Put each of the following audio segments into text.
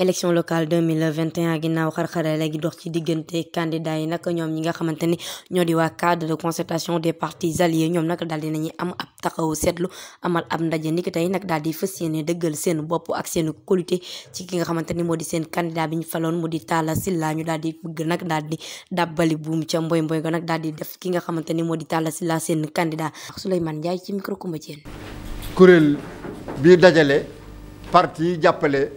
élection locale 2021 ginnaaw xar-xarale gi dox ci diggante candidat yi nag ñoom ñi nga xamante ñoo di waa cadre de concertation des partis alliés ñom nak daal di am ab taxaw seetlu amal ab ndaje niki tay nak daal di fas yéene seen bopp ak seen qualité ci ki nga xamante modi seen candidat bi ñu faloon mu di Talla ñu daal di bëgg nak daal di dàbbali buum ci mboy mboy ga nag daal di def ki nga xamante modi moo di seen candidat Souleymane Ndiaye ci micro Koumba Diène kuréel bi dajale parti jàppale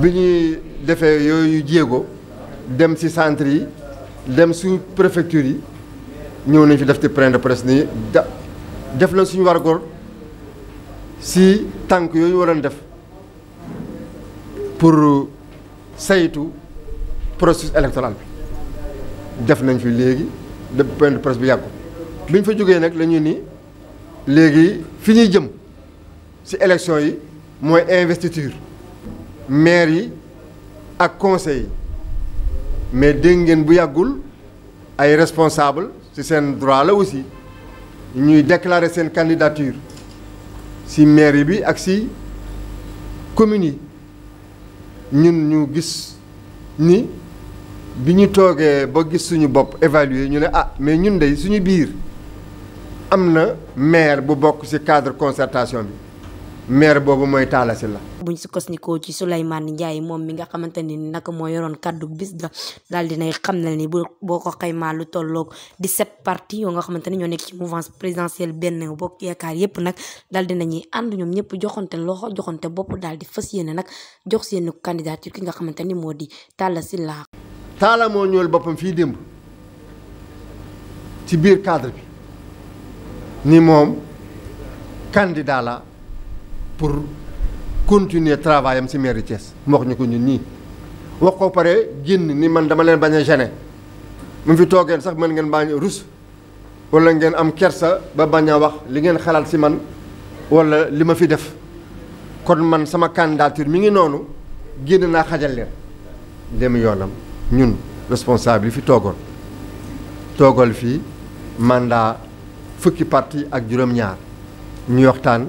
bi ñuy defee yooyu jéego dem si centre yi dem suñu préfecture yi ñëw nañ fi def ci point de presse nii da def na suñu wargoor ci tànk yooyu waroon def pour saytu processus électoral bi def nañ fi léegi de point de presse bi yàggu bi ñu fa jógee nag lañu ni léegi fi ñuy jëm ci élection yi mooy investiture maire yi ak conseil mais si ngeen bu yàggul ay responsable ci seen droit la aussi ñuy déclarer sa candidature ci mairie bi ak ci commune ñun ñu gis ni biñu togué ba gis suñu bop évaluer ñu ne ah mais ñun day suñu biir amna maire bu bok ci cadre concertation bi maire boobu mooy Talla Sylla la. buñ sukkandikoo ci Souleymane Ndiaye moom mi nga xamante ni nag moo yoroon kaddu bis ga daal di nay xam na ni bu boo ko xaymaa lu di set partis yoo nga xamante ni ñoo nekk ci mouvance présidentielle benn bokk yaakaar yépp nag daal di nañuy ànd ñoom ñëpp joxante loxo joxante bopp daal di fas yéene nag jox seen candidature ki nga xamante ni moo di Talla laa Talla moo ñëwal boppam fii démb ci biir cadre bi ni moom pour continuer am ci mairie Thiès mu wax ñu ñun ni wax ko pare genn ni man dama leen baña gêné mu fi togen sax man ngeen rus wala ngeen am kersa ba baña wax li ngeen xalal ci man wala lima fi def kon man sama candidature mi ngi nonu genn na xajal leen dem yoonam ñun responsable fi togol togol fi mandat fukki parti ak juroom ñaar ñu waxtaan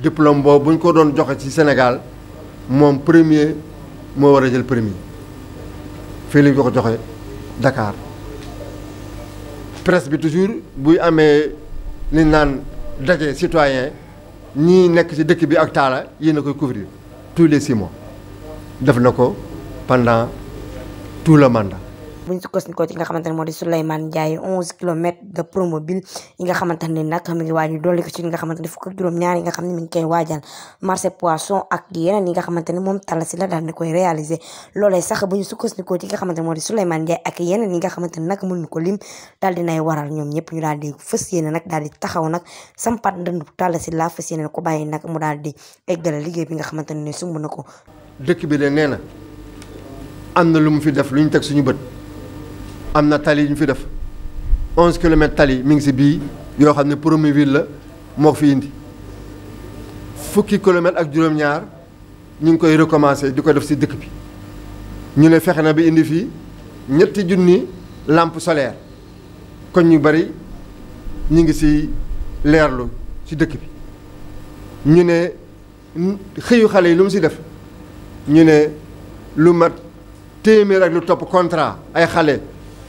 diplôme boobu buñ ko doon joxe ci Sénégal mom premier mo wara jël premier fii lañ ko ko joxe Dakar presse bi toujours buy amé li nan dajé citoyen ni nek ci dëkk bi ak taala yéen a koy couvrir tous les 6 mois def nako pendant tout le mandat buñ ko ci nga xamante modi sulayman jaay 11 km de Promovilles yi nga xamante nak mi ngi waaju dolli ko ci nga xamante fuk ak juroom ñaar yi nga xam mi ngi koy waajal marché poisson ak yeneen yi nga xamante mom talasi la dal daal na koy réaliser loolee sax buñu ko ci nga xamante modi sulayman jaay ak yeneen yi nga xamante nak mënu ko lim dal dinaay waral ñom ñëpp ñu dal di fess yene nak dal di taxaw nak sampat ndëndu talasi la fess yene ko bàyyi nak mu dal di eggal liggéey bi nga xamante ne sumb na dëkk bi de nee amna lu mu fi def lu ñu teg suñu bët am y tali ñu fi def onze kilomètres tali mi ngi si la fi indi fukki kilomètres ak juroom ñaar ñu ngi koy recommencer diko def ci dëkk bi ñu bi indi ñetti lampe solaire kon ñu bari ñi ngi ci leerlu ci bi ñu ne xeyu xalé lu def ñu lu mat ak lu contrat ay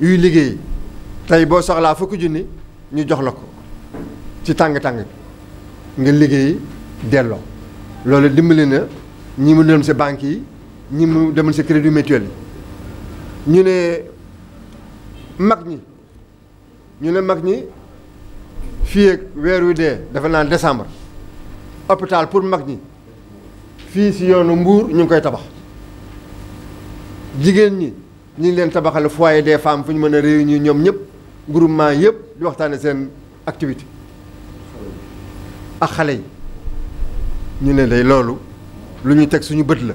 yuy liggéey tey boo soxlaa fukki junni ñu jox la ko ci tàng-tàng bi nga liggéey delloo loolu dimbali na ñi mu dem si banques yi ñi mu demoon si crédit mutuel yi ñu ne mag ñi ñu ne mag ñi fii ak weer wi dee dafa naan décembre hôpital pour mag ñi fii si yoonu Mbuur ñu ngi koy tabax jigéen ñi ñu ngi leen tabaxale foyer des femmes fu ñu mën a réunir ñoom ñëpp groupement yëpp di waxtaane seen activité ak xale yi ñu ne day loolu lu ñu teg suñu bët la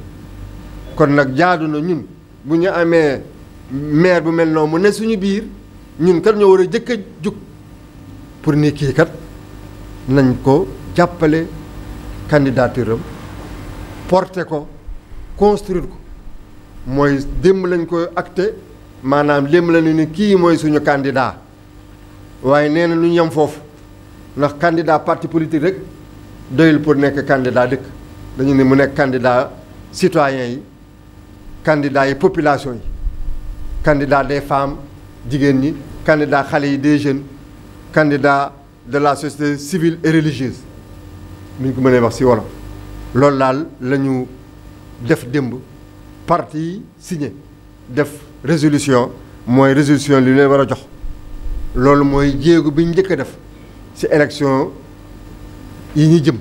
kon nag jaadu na ñun bu ñu amee maire bu mel noonu mu ne suñu biir ñun kat ñoo war a jëkk a jug pour ni kii kat nañ ko jàppale candidature am porter ko construire ko moy demb lañ ko acté manam lem qui ni ki moy suñu candidat waaye néna na lu ñu yem candidat parti politique rek doyul pour nek candidat dëkk dañu ni mu nek candidat citoyen yi candidat yi population yi candidat des femmes jigéen ni candidat xalé yi des jeunes candidat de la société civile et religieuse ni ñu ko mënee wax ci wolof def demb parti signé def résolution moy résolution li lay wara jox lolou moy djégu biñu ñu def ci élection yi ñi jëm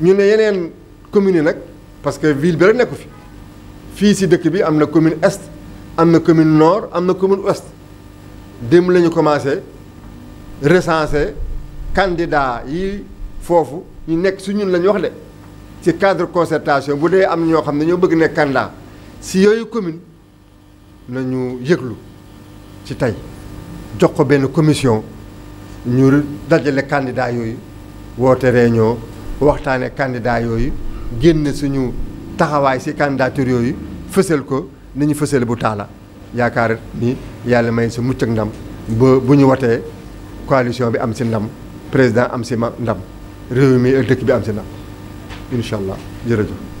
ñu né yenen commune nak parce que ville bi rek nekku fi fi ci dëkk bi amna commune est amna commune nord amna commune ouest dem lañu commencé recenser candidat yi fofu ñu nekk suñu ñun wax dé ci cadre concertation bu dé am na ñoo xam ne ñoo bëgg nekk candidat si yooyu commune nañu yëglu ci tey jox ko benn commission ñu dajale candidat yooyu woote réunion waxtaane candidat yooyu génn suñu taxawaay si candidature yooyu fësal ko ni ñu fësal bu taala yaakaar ni yàlla may si mucc ndam ba bu ñu watee coalition bi am si ndam président am si ndam réew mi ak dëkk bi am si ndam incha allah jërëjëf